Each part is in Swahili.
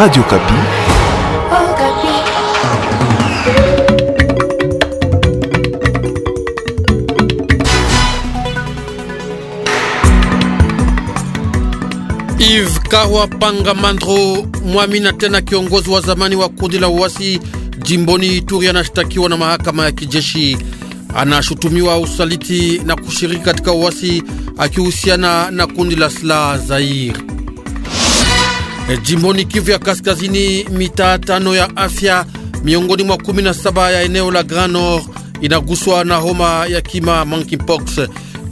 Radio Kapi. Oh, Kapi. Yves Kawa Panga Mandro mwami na tena kiongozi wa zamani wa kundi la uasi jimboni Ituri anashitakiwa na mahakama ya kijeshi. Anashutumiwa usaliti na kushiriki katika uasi akihusiana na kundi la silaha Zaire. Eh, jimboni Kivu ya Kaskazini, mitaa tano ya afya miongoni mwa 17 ya eneo la Grand Nord inaguswa na homa ya kima monkeypox.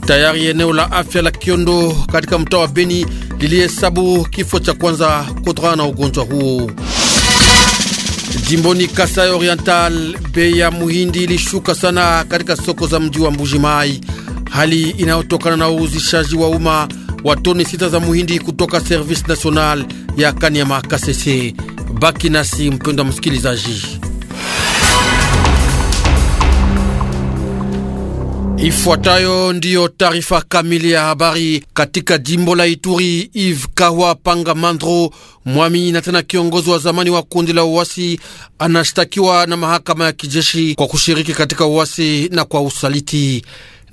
Tayari eneo la afya la Kiondo katika mtaa wa Beni lilihesabu kifo cha kwanza kutokana na ugonjwa huo. Jimboni Kasai Oriental, bei ya muhindi ilishuka sana katika soko za mji wa Mbuji Mai, hali inayotokana na uuzishaji wa umma wa toni sita za muhindi kutoka Service National ya Kanyama Kasese. Baki nasi mpendwa msikilizaji. Ifuatayo ndiyo taarifa kamili ya habari. Katika jimbo la Ituri, ive Kahwa Panga Mandro, mwami na tena kiongozi wa zamani wa kundi la uwasi, anashtakiwa na mahakama ya kijeshi kwa kushiriki katika uwasi na kwa usaliti.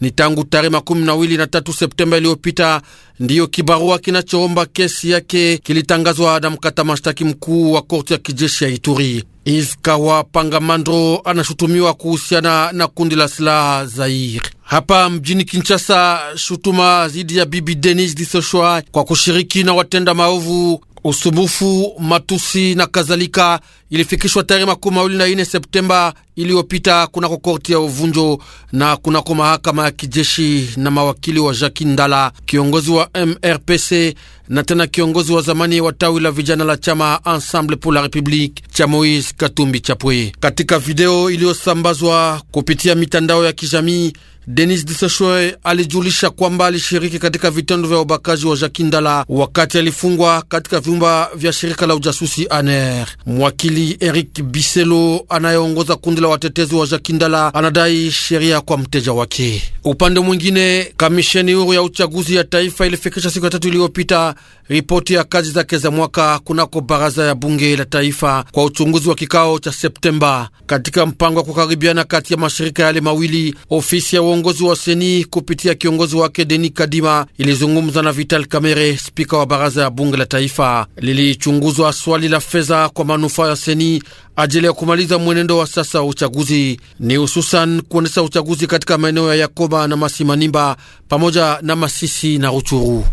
Ni tangu tarehe makumi na na tatu Septemba iliyopita ndiyo kibarua kinachoomba kesi yake kilitangazwa na mkata mashtaki mkuu wa korti ya kijeshi ya Ituri. Iskawa Pangamandro anashutumiwa kuhusiana na kundi la silaha Zair. Hapa mjini Kinshasa, shutuma dhidi ya bibi Denis Disoshwa kwa kushiriki na watenda maovu Usumbufu, matusi na kadhalika ilifikishwa tarehe makumi mawili na ine Septemba iliyopita kunako korti ya uvunjo na kunako mahakama ya kijeshi na mawakili wa Jacques Ndala, kiongozi wa MRPC na tena kiongozi wa zamani wa tawi la vijana la chama Ensemble pour la Republique cha Moise Katumbi Chapwe. Katika video iliyosambazwa kupitia mitandao ya kijamii Denis Diseshwe alijulisha kwamba alishiriki katika vitendo vya ubakaji wa Jakindala wakati alifungwa katika vyumba vya shirika la ujasusi ANR. Mwakili Eric Biselo anayeongoza kundi la watetezi wa Jakindala anadai sheria kwa mteja wake. Upande mwingine, kamisheni huru ya uchaguzi ya taifa ilifikisha siku ya tatu iliyopita ripoti ya kazi zake za mwaka kunako baraza ya bunge la taifa kwa uchunguzi wa kikao cha Septemba katika mpango wa kukaribiana kati ya mashirika yale mawili ofisi ya uongozi wa seni kupitia kiongozi wake deni Kadima ilizungumza na Vital Kamerhe, spika wa baraza ya bunge la taifa. Lilichunguzwa swali la fedha kwa manufaa ya seni ajili ya kumaliza mwenendo wa sasa wa uchaguzi, ni hususan kuendesha uchaguzi katika maeneo ya Yakoba na Masimanimba pamoja na Masisi na Ruchuru.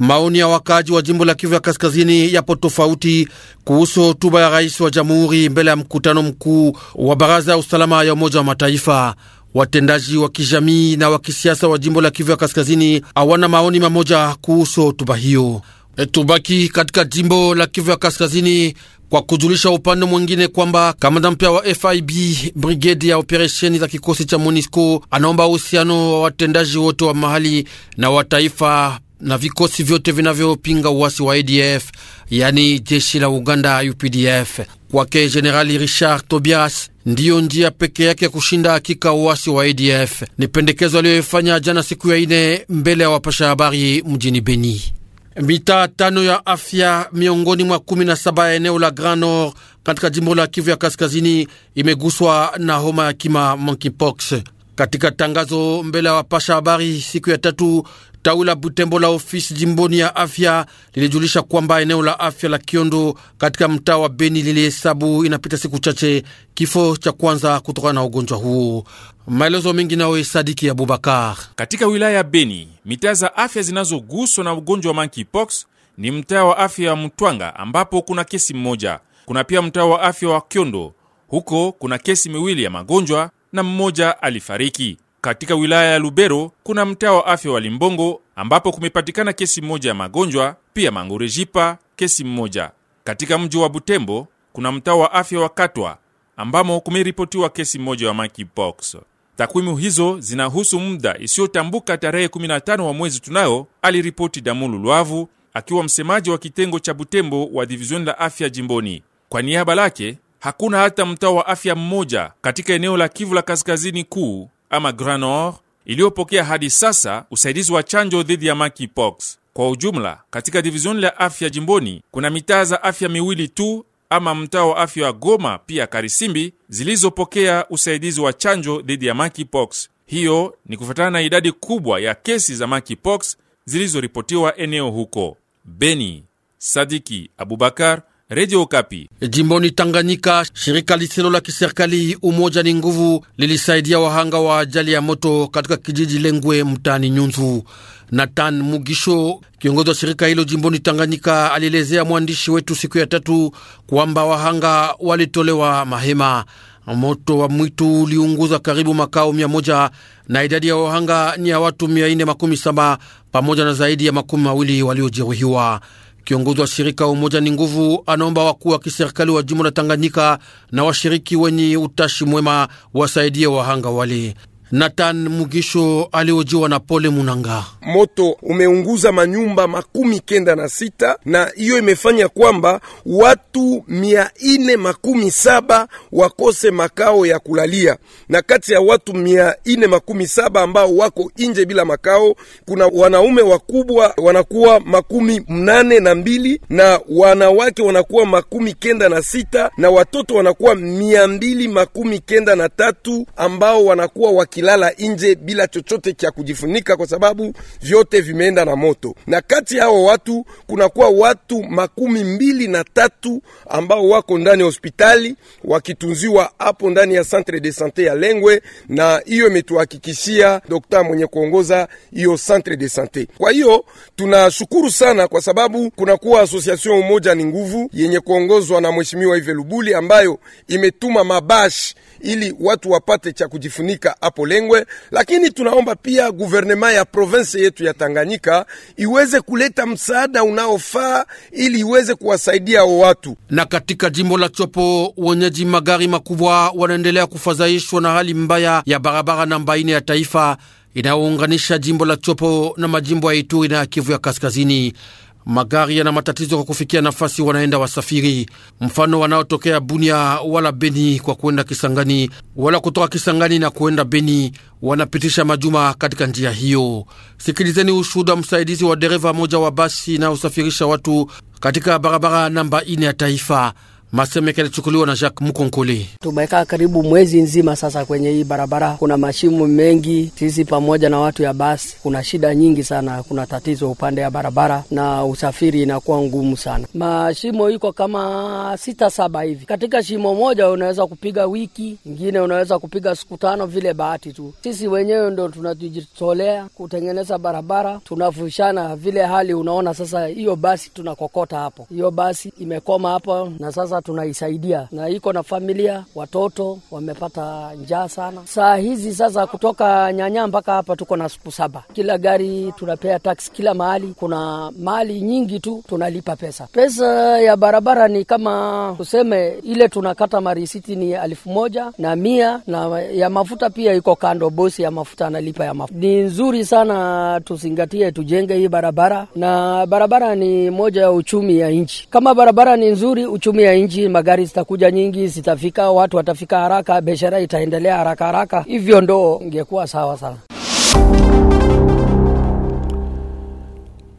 Maoni ya wakaaji wa jimbo la Kivu ya kaskazini yapo tofauti kuhusu hotuba ya rais wa jamhuri mbele ya mkutano mkuu wa baraza ya usalama ya Umoja wa Mataifa. Watendaji wa kijamii na wa kisiasa wa jimbo la Kivu ya kaskazini hawana maoni mamoja kuhusu hotuba hiyo. E, tubaki katika jimbo la Kivu ya kaskazini kwa kujulisha upande mwingine kwamba kamanda mpya wa FIB brigedi ya operesheni za kikosi cha MONUSCO anaomba uhusiano wa watendaji wote wa mahali na wa taifa na vikosi vyote vinavyopinga uasi wa ADF, yani jeshi la Uganda UPDF. Kwake Jenerali Richard Tobias ndiyo njia peke yake ya kushinda hakika uasi wa ADF. Ni pendekezo aliyoifanya jana siku ya ine mbele ya wapasha habari mjini Beni. Mitaa tano ya afya miongoni mwa kumi na saba ya eneo la Grand Nord katika jimbo la Kivu ya kaskazini imeguswa na homa ya kima monkeypox. Katika tangazo mbele ya wapasha habari siku ya tatu, Tawi la Butembo la ofisi jimboni ya afya lilijulisha kwamba eneo la afya la Kiondo katika mtaa wa Beni lilihesabu inapita siku chache kifo cha kwanza kutokana na ugonjwa huo. Maelezo mengi nawe Sadiki Abubakar. Katika wilaya ya Beni, mitaa za afya zinazoguswa na ugonjwa wa monkeypox ni mtaa wa afya ya Mtwanga ambapo kuna kesi mmoja. Kuna pia mtaa wa afya wa Kiondo, huko kuna kesi miwili ya magonjwa na mmoja alifariki. Katika wilaya ya Lubero kuna mtaa wa afya wa Limbongo ambapo kumepatikana kesi moja ya magonjwa, pia Mangorejipa kesi mmoja. Katika mji wa Butembo kuna mtaa wa afya wa Katwa ambamo kumeripotiwa kesi moja ya monkeypox. Takwimu hizo zinahusu muda isiyotambuka tarehe 15 wa mwezi tunayo, aliripoti Damulu Lwavu akiwa msemaji wa kitengo cha Butembo wa divizioni la afya jimboni. Kwa niaba lake, hakuna hata mtaa wa afya mmoja katika eneo la Kivu la kaskazini kuu ama Granor iliyopokea hadi sasa usaidizi wa chanjo dhidi ya monkeypox. Kwa ujumla, katika divizioni la afya jimboni kuna mitaa za afya miwili tu ama mtaa wa afya wa Goma pia Karisimbi zilizopokea usaidizi wa chanjo dhidi ya monkeypox. Hiyo ni kufuatana na idadi kubwa ya kesi za monkeypox zilizoripotiwa eneo huko. Beni, Sadiki Abubakar, Radio Kapi. Jimboni Tanganyika, shirika lisilo la kiserikali Umoja ni Nguvu lilisaidia wahanga wa ajali ya moto katika kijiji Lengwe mtaani Nyunzu. Nathan Mugisho, kiongozi wa shirika hilo jimboni Tanganyika, alielezea mwandishi wetu siku ya tatu kwamba wahanga walitolewa mahema. Moto wa mwitu uliunguza karibu makao mia moja na idadi ya wahanga ni ya watu mia nne makumi saba pamoja na zaidi ya makumi mawili waliojeruhiwa. Kiongozi wa shirika Umoja ni Nguvu anaomba wakuu wa kiserikali wa jimbo la Tanganyika na washiriki wenye utashi mwema wasaidie wahanga wale. Nathan Mugisho aliojiwa na Pole Munanga. Moto umeunguza manyumba makumi kenda na sita na hiyo imefanya kwamba watu mia ine makumi saba wakose makao ya kulalia, na kati ya watu mia ine makumi saba ambao wako nje bila makao, kuna wanaume wakubwa wanakuwa makumi mnane na mbili na wanawake wanakuwa makumi kenda na sita na watoto wanakuwa mia mbili makumi kenda na tatu ambao wanakuwa waki wakilala nje bila chochote cha kujifunika, kwa sababu vyote vimeenda na moto. Na kati yao watu kunakuwa watu makumi mbili na tatu ambao wako ndani ya hospitali wakitunziwa hapo ndani ya centre de sante ya Lengwe, na hiyo imetuhakikishia dokta mwenye kuongoza hiyo centre de sante. Kwa hiyo tunashukuru sana, kwa sababu kunakuwa association umoja ni nguvu yenye kuongozwa na mheshimiwa Ive Lubuli ambayo imetuma mabash ili watu wapate cha kujifunika hapo. Kolengwe, lakini tunaomba pia guvernema ya province yetu ya Tanganyika iweze kuleta msaada unaofaa ili iweze kuwasaidia watu. Na katika jimbo la Chopo, wenyeji magari makubwa wanaendelea kufadhaishwa na hali mbaya ya barabara namba ine ya taifa inayounganisha jimbo la Chopo na majimbo ya Ituri na ya Kivu ya Kaskazini magari yana matatizo kwa kufikia nafasi wanaenda wasafiri, mfano wanaotokea Bunia wala Beni kwa kuenda Kisangani wala kutoka Kisangani na kuenda Beni wanapitisha majuma katika njia hiyo. Sikilizeni ushuhuda msaidizi wa dereva moja wa basi inayosafirisha watu katika barabara namba ine ya taifa masemeka alichukuliwa na Jacques Mukonkoli. Tumekaa karibu mwezi nzima sasa kwenye hii barabara, kuna mashimo mengi. Sisi pamoja na watu ya basi, kuna shida nyingi sana, kuna tatizo upande ya barabara na usafiri inakuwa ngumu sana. Mashimo iko kama sita saba hivi, katika shimo moja unaweza kupiga wiki ingine, unaweza kupiga siku tano, vile bahati tu. Sisi wenyewe ndo tunajitolea kutengeneza barabara, tunavushana vile hali. Unaona sasa hiyo basi tunakokota hapo, hiyo basi imekoma hapo na sasa tunaisaidia na iko na familia, watoto wamepata njaa sana. Saa hizi sasa kutoka nyanya mpaka hapa tuko na siku saba, kila gari tunapea taksi kila mahali. Kuna mahali nyingi tu tunalipa pesa. Pesa ya barabara ni kama tuseme, ile tunakata marisiti ni elfu moja na mia, na ya mafuta pia iko kando, bosi ya mafuta analipa ya mafuta. Ni nzuri sana, tuzingatie, tujenge hii barabara, na barabara ni moja ya uchumi ya nchi. Kama barabara ni nzuri, uchumi ya nchi nchi, magari zitakuja nyingi, zitafika, watu watafika haraka, biashara itaendelea haraka haraka, hivyo ndo ingekuwa sawa sana.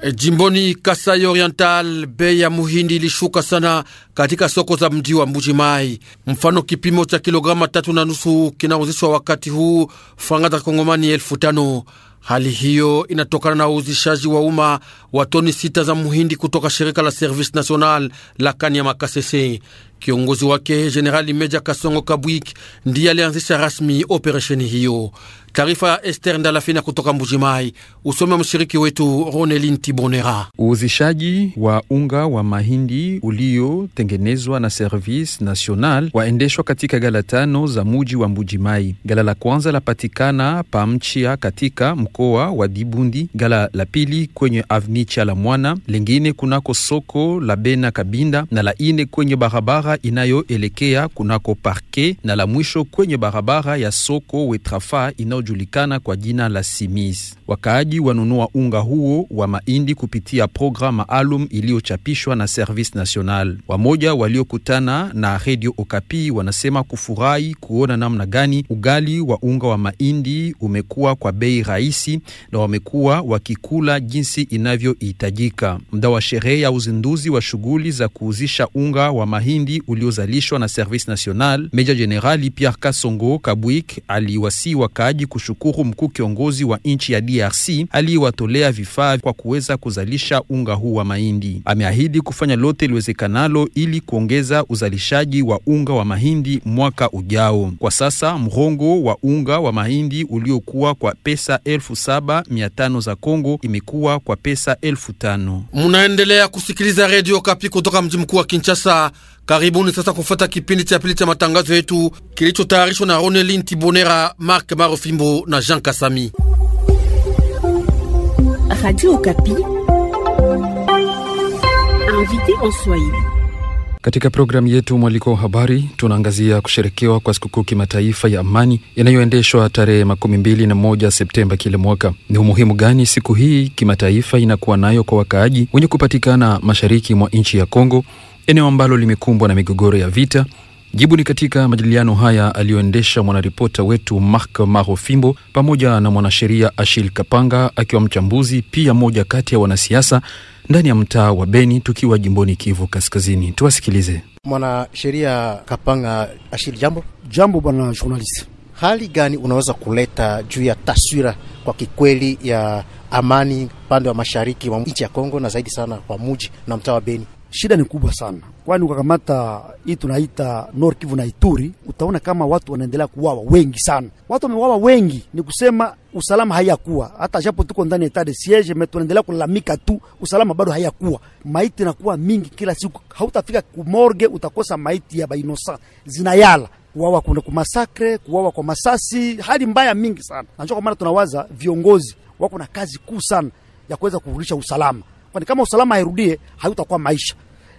E, jimboni Kasai Oriental, bei ya muhindi ilishuka sana katika soko za mji wa Mbuji Mai. Mfano, kipimo cha kilograma tatu na nusu kinauzishwa wakati huu faranga za Kongomani elfu tano. Hali hiyo inatokana na uuzishaji wa umma wa toni sita za muhindi kutoka shirika la Service National la Kanya Makasese. Kiongozi wake Jenerali Meja Kasongo Kabwik ndiye alianzisha rasmi operesheni hiyo. Taarifa ya Ester Ndalafina kutoka Mbujimai, usome mshiriki wetu Ronelin Tibonera. Uuzishaji wa unga wa mahindi uliotengenezwa na Service National waendeshwa katika gala tano za muji wa Mbujimai. Gala la kwanza lapatikana Pamchia katika mkoa wa Dibundi, gala la pili kwenye avni cha la Mwana, lingine kunako soko la Bena Kabinda, na la ine kwenye barabara inayoelekea kunako Parke, na la mwisho kwenye barabara ya soko Wetrafa inayo inayojulikana kwa jina la Simis. Wakaaji wanunua unga huo wa mahindi kupitia programu maalum iliyochapishwa na Service National. Wamoja waliokutana na Radio Okapi wanasema kufurahi kuona namna gani ugali wa unga wa mahindi umekuwa kwa bei rahisi na wamekuwa wakikula jinsi inavyohitajika. Muda wa sherehe ya uzinduzi wa shughuli za kuuzisha unga wa mahindi uliozalishwa na Service National, Meja Jenerali Pierre Kasongo Kabwik aliwasii wakaaji kushukuru mkuu kiongozi wa nchi ya DRC aliyewatolea vifaa kwa kuweza kuzalisha unga huu wa mahindi. Ameahidi kufanya lote liwezekanalo ili kuongeza uzalishaji wa unga wa mahindi mwaka ujao. Kwa sasa mrongo wa unga wa mahindi uliokuwa kwa pesa elfu saba mia tano za Kongo imekuwa kwa pesa elfu tano. Munaendelea kusikiliza Radio Kapi kutoka mji mkuu wa Kinshasa. Karibuni sasa kufuata kipindi cha pili cha matangazo yetu kilichotayarishwa na Ronelin Tibonera, Mark Marofimbo na Jean Kasami. Radio Okapi, invité en Swahili. Katika programu yetu mwaliko wa habari tunaangazia kusherekewa kwa sikukuu kimataifa ya amani inayoendeshwa tarehe makumi mbili na moja Septemba kila mwaka. Ni umuhimu gani siku hii kimataifa inakuwa nayo kwa wakaaji wenye kupatikana mashariki mwa nchi ya Kongo eneo ambalo limekumbwa na migogoro ya vita. Jibu ni katika majadiliano haya aliyoendesha mwanaripota wetu Mark fimbo pamoja na mwanasheria Ashil Kapanga akiwa mchambuzi pia moja kati ya wanasiasa ndani ya mtaa wa Beni tukiwa jimboni Kivu Kaskazini. Tuwasikilize. Mwanasheria Kapanga Ashil, jambo. Jambo bwana journalist. Hali gani unaweza kuleta juu ya taswira kwa kikweli ya amani pande wa mashariki wa nchi ya Kongo na zaidi sana kwa muji na mtaa wa Beni? shida ni kubwa sana, kwani ukakamata hii tunaita Nord Kivu na Ituri, utaona kama watu wanaendelea kuwawa wengi sana. Watu wamewawa wengi, ni kusema usalama haiyakuwa hata, japo tuko ndani ya etat de siege me tunaendelea kulalamika tu, usalama bado haiyakuwa. Maiti nakuwa mingi kila siku, hautafika kumorge, utakosa maiti ya bainosa zinayala kuwawa kuna kumasakre, kuwawa kwa masasi, hali mbaya mingi sana. Nacho kwa maana tunawaza viongozi wako na kazi kuu sana ya kuweza kurudisha usalama kwani kama usalama hairudie hayutakuwa maisha.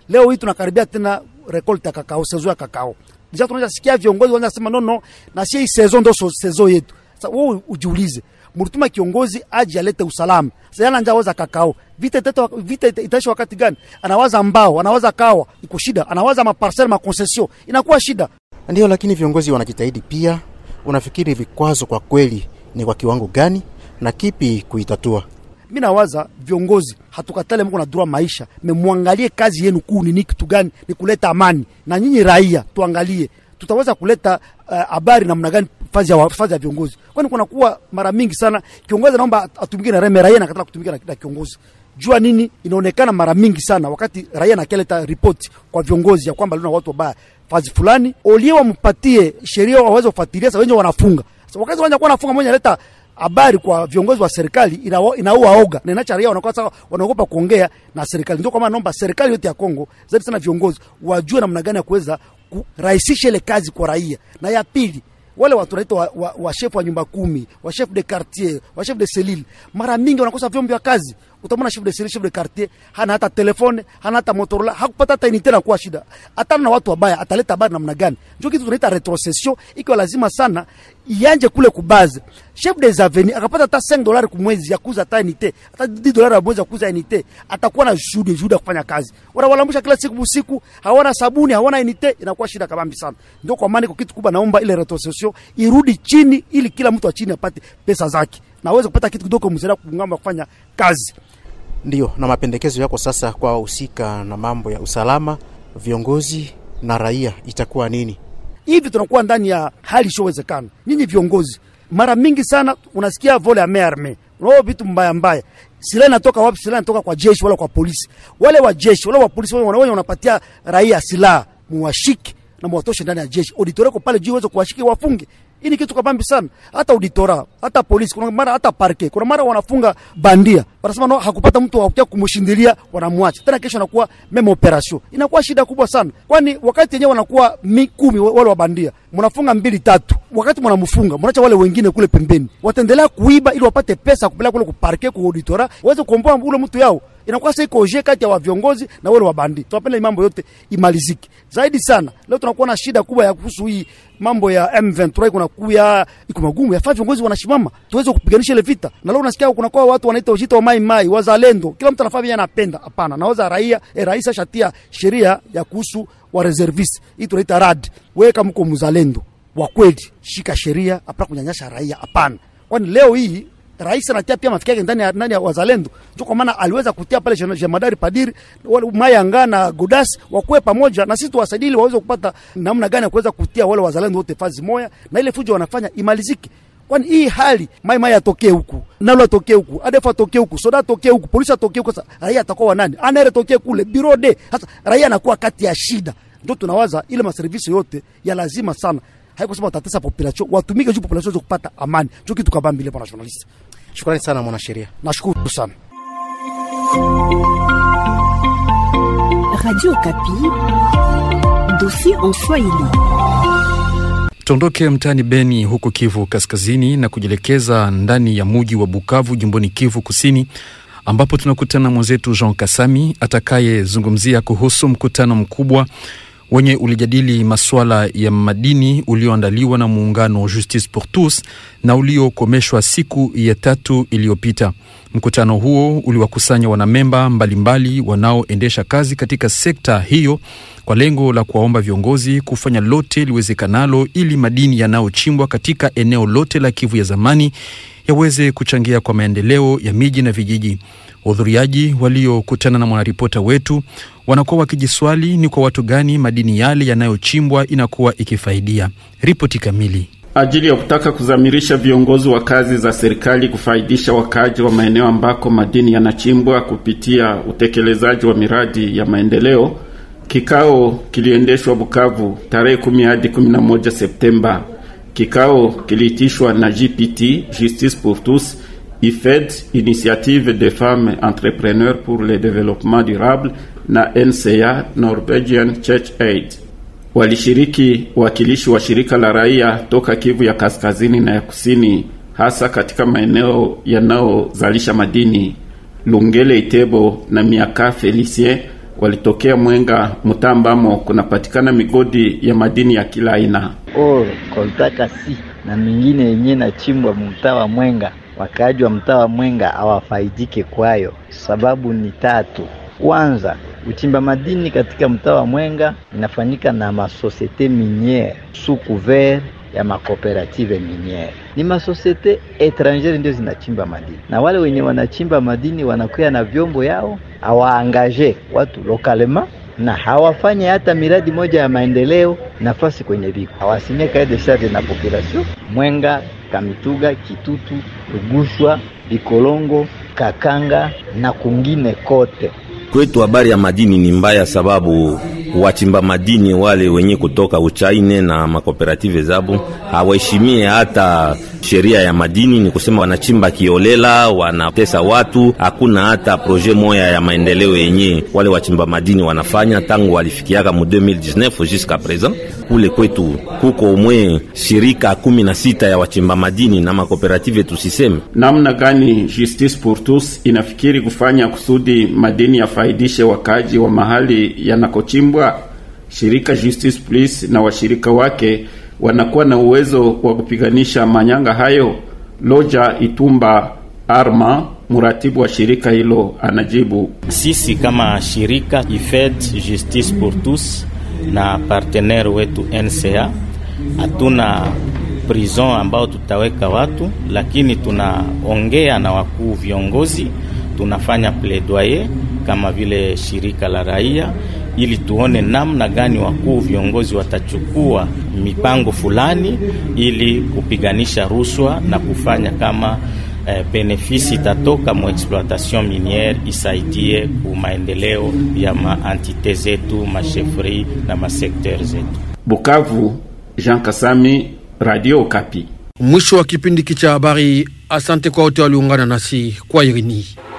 Leo hii tunakaribia tena rekolte ya kakao, sezo ya kakao. Deja tunaanza sikia viongozi wanasema sema nono, na sio hii sezo ndo sezo yetu. Sasa wewe ujiulize, mlituma kiongozi aje alete usalama. Sasa yana waza kakao. Vita itata, vita itaisha wakati gani? Anawaza mbao, anawaza kawa, iko shida. Anawaza maparcel ma concession, inakuwa shida. Ndio, lakini viongozi wanajitahidi pia. Unafikiri vikwazo kwa kweli ni kwa kiwango gani na kipi kuitatua? Mimi nawaza viongozi hatukatale mko na droit maisha, memwangalie kazi yenu kuu ni kitu gani? Ni kuleta amani, na nyinyi raia tuangalie tutaweza kuleta eh, habari uh, namna gani fazi ya fazi ya viongozi, kwani kuna kuwa mara mingi sana kiongozi anaomba atumike na reme raia, na anakataa kutumika na kiongozi jua nini. Inaonekana mara mingi sana wakati raia nakeleta ripoti kwa viongozi ya kwamba luna watu wabaya fazi fulani, olie wampatie sheria waweze kufuatilia. Sasa wenyewe wanafunga, sasa wakati wanakuwa nafunga mmoja leta habari kwa viongozi wa serikali inaua oga na inacha raia wanakuwa sawa, wanaogopa kuongea na serikali. Ndio kwa maana naomba serikali yote ya Kongo, zaidi sana viongozi wajue namna gani ya kuweza kurahisisha ile kazi kwa raia. Na ya pili, wale watu wanaitwa wa, wa, wa chef wa nyumba kumi, wa chef de quartier, wa chef de selile, mara mingi wanakosa vyombo vya kazi utamwona chef de chef de quartier hana hata telefone, hana hata Motorola, hakupata hata inite, kuwa shida hata na watu wabaya, ataleta habari namna gani? Ndio kitu tunaita retrocession, ikiwa lazima sana ianje kule kubaze. Chef des avenues akapata hata 5 dollars kwa mwezi ya kuuza hata inite, hata 10 dollars kwa mwezi ya kuuza inite, atakuwa na juhudi juhudi kufanya kazi. Wala walamusha kila siku busiku, hawana sabuni, hawana inite, inakuwa shida kabambi sana. Ndio kwa maana kwa kitu kubwa, naomba ile retrocession irudi chini, ili kila mtu wa chini apate pesa zake na aweze kupata kitu kidogo kumsaidia kungamba kufanya kazi. Ndiyo, na mapendekezo yako sasa kwa wahusika na mambo ya usalama, viongozi na raia itakuwa nini? Hivi tunakuwa ndani ya hali isiyowezekana. Nyinyi viongozi, mara mingi sana unasikia vole ya mearme unao vitu mbaya mbaya. Silaha inatoka wapi? Silaha inatoka kwa jeshi wala kwa polisi. Wale wa jeshi wala wa polisi wale wanaonya wanapatia raia silaha, muwashike na muwatoshe ndani ya jeshi. Auditoreko pale juu iweze kuwashike wafunge. Hii ni kitu kabambi sana. Hata auditora, hata polisi, kuna mara hata parke, kuna mara wanafunga bandia, wanasema no, hakupata mtu wa kutia kumshindilia, wanamwacha tena. Kesho anakuwa meme operation, inakuwa shida kubwa sana, kwani wakati yenyewe wanakuwa mikumi wale wa bandia, mnafunga mbili tatu, wakati mnamfunga mnaacha wale wengine kule pembeni, wataendelea kuiba ili wapate pesa kupeleka kule kuparke, auditora, waweze kuomboa ule mtu yao inakuwa sasa iko je kati ya wa viongozi na wale wa bandi. Tunapenda mambo yote imalizike zaidi sana. Leo tunakuwa na shida kubwa ya kuhusu hii mambo ya M23 kuna kuya iko magumu, yafaa viongozi wanashimama tuweze kupiganisha ile vita. Na leo unasikia kuna kwa watu wanaita ujito wa mai mai wazalendo, kila mtu anafaa vile anapenda. Hapana, naoza raia e, rais ashatia sheria ya kuhusu wa reservist, hii tunaita rad. Wewe kama mko mzalendo wa kweli, shika sheria, hapana kunyanyasha raia, hapana. Kwani leo hii rais anatia pia mafikio yake ndani ya ndani ya wazalendo, ndio kwa maana aliweza kutia pale jemadari Padiri wale Mayanga na Godas wakuwe pamoja na sisi tuwasaidili, waweze kupata namna gani ya kuweza kutia wale wazalendo wote fazi moja, na ile fujo wanafanya imalizike. Kwani hii hali mai mai atokee huku, na lo atokee huku, adefa atokee huku, soda atokee huku, polisi atokee huku. Sasa raia atakuwa wa nani? Anere atokee kule birode. Sasa raia anakuwa kati ya shida, ndio tunawaza ile maservisi yote ya lazima sana haikusema watatesa population, watumike juu population kupata amani. Cho kitu kabambi ile bwana journalist. Shukrani sana mwanasheria, nashukuru sana Radio Kapi, dossier en Swahili. Tuondoke mtaani Beni huko Kivu Kaskazini na kujielekeza ndani ya muji wa Bukavu jimboni Kivu Kusini, ambapo tunakutana mwenzetu Jean Kasami atakayezungumzia kuhusu mkutano mkubwa wenye ulijadili masuala ya madini ulioandaliwa na muungano Justice pour Tous na uliokomeshwa siku ya tatu iliyopita. Mkutano huo uliwakusanya wanamemba mbalimbali wanaoendesha kazi katika sekta hiyo kwa lengo la kuwaomba viongozi kufanya lote liwezekanalo ili madini yanayochimbwa katika eneo lote la Kivu ya zamani yaweze kuchangia kwa maendeleo ya miji na vijiji. Wahudhuriaji waliokutana na mwanaripota wetu wanakuwa wakijiswali ni kwa watu gani madini yale yanayochimbwa inakuwa ikifaidia. Ripoti kamili ajili ya kutaka kuzamirisha viongozi wa kazi za serikali kufaidisha wakaaji wa maeneo ambako madini yanachimbwa kupitia utekelezaji wa miradi ya maendeleo. Kikao kiliendeshwa Bukavu tarehe 10 hadi 11 Septemba. Kikao kiliitishwa na GPT, Justice pour tous IFED, Initiative des femmes entrepreneurs pour le développement durable, na NCA, Norwegian Church Aid. Walishiriki wakilishi wa shirika la raia toka Kivu ya kaskazini na ya kusini, hasa katika maeneo yanayozalisha madini. Lungele Itebo na Miaka Felicien walitokea Mwenga, mtaa kunapatikana migodi ya madini ya kila aina. Oh, koltaka si na mingine yenye nachimbwa mtaa wa Mwenga wakaaji wa mtaa wa Mwenga hawafaidike kwayo. Sababu ni tatu. Kwanza, uchimba madini katika mtaa wa Mwenga inafanyika na masosiete miniere sukuvert ya makooperative miniere. Ni masosiete etrangere ndio zinachimba madini, na wale wenye wanachimba madini wanakuya na vyombo yao, hawaangaje watu lokalema na hawafanye hata miradi moja ya maendeleo nafasi kwenye viko hawasimie kaide sharge na population Mwenga, Kamituga, Kitutu, Rugushwa, Bikolongo, Kakanga na kungine kote. Kwetu habari ya madini ni mbaya, sababu wachimba madini wale wenye kutoka Uchaine na makooperative zabu hawaheshimie hata sheria ya madini, ni kusema wanachimba kiolela, wanatesa watu. Hakuna hata proje moya ya maendeleo yenye wale wachimba madini wanafanya tangu walifikiaka mu 2019 jusqu'à present. Kule kwetu kuko umwe shirika kumi na sita ya wachimba madini na makooperative. Tusiseme namna gani Justice pour tous inafikiri kufanya kusudi madini yafaidishe wakaji wa mahali yanakochimbwa kuwa shirika Justice Police na washirika wake wanakuwa na uwezo wa kupiganisha manyanga hayo? Loja Itumba Arma muratibu wa shirika hilo anajibu: sisi kama shirika Ifed Justice pour tous na partenere wetu NCA hatuna prison ambao tutaweka watu, lakini tunaongea na wakuu viongozi tunafanya plaidoyer kama vile shirika la raia ili tuone namna gani wakuu viongozi watachukua mipango fulani ili kupiganisha rushwa na kufanya kama eh, benefisi itatoka mu exploitation miniere isaidie ku maendeleo ya maantite zetu mashefri na masekter zetu. Bukavu, Jean Kasami, Radio Kapi. Mwisho wa kipindi cha habari. Asante kwa wote waliungana nasi kwa irini.